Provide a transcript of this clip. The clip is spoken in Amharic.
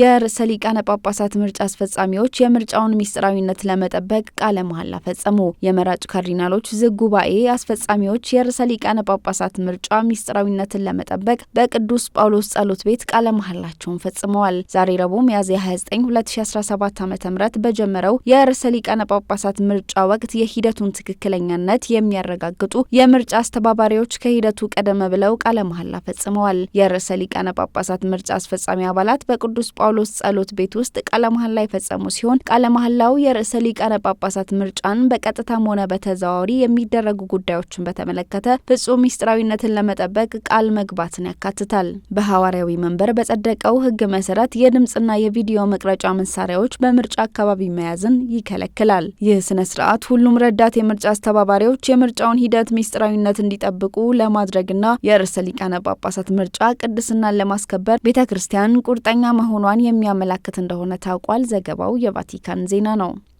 የርዕሰ ሊቃነ ጳጳሳት ምርጫ አስፈጻሚዎች የምርጫውን ሚስጥራዊነት ለመጠበቅ ቃለ መሐላ ፈጸሙ። የመራጭ ካርዲናሎች ዝግ ጉባኤ አስፈጻሚዎች የርዕሰ ሊቃነ ጳጳሳት ምርጫ ሚስጥራዊነትን ለመጠበቅ በቅዱስ ጳውሎስ ጸሎት ቤት ቃለ መሐላቸውን ፈጽመዋል። ዛሬ ረቡዕ ሚያዝያ 29 2017 ዓ ም በጀመረው የርዕሰ ሊቃነ ጳጳሳት ምርጫ ወቅት የሂደቱን ትክክለኛነት የሚያረጋግጡ የምርጫ አስተባባሪዎች ከሂደቱ ቀደም ብለው ቃለ መሐላ ፈጽመዋል። የርዕሰ ሊቃነ ጳጳሳት ምርጫ አስፈጻሚ አባላት በቅዱስ ጳውሎስ ጸሎት ቤት ውስጥ ቃለ መሐላ የፈጸሙ ሲሆን ቃለ መሐላው የርዕሰ ሊቃነ ጳጳሳት ምርጫን በቀጥታም ሆነ በተዘዋዋሪ የሚደረጉ ጉዳዮችን በተመለከተ ፍጹም ምስጥራዊነትን ለመጠበቅ ቃል መግባትን ያካትታል። በሐዋርያዊ መንበር በጸደቀው ሕግ መሰረት የድምፅና የቪዲዮ መቅረጫ መሳሪያዎች በምርጫ አካባቢ መያዝን ይከለክላል። ይህ ስነ ስርዓት ሁሉም ረዳት የምርጫ አስተባባሪዎች የምርጫውን ሂደት ምስጥራዊነት እንዲጠብቁ ለማድረግና የርዕሰ ሊቃነ ጳጳሳት ምርጫ ቅድስናን ለማስከበር ቤተ ክርስቲያን ቁርጠኛ መሆኗ መሆኗን የሚያመላክት እንደሆነ ታውቋል። ዘገባው የቫቲካን ዜና ነው።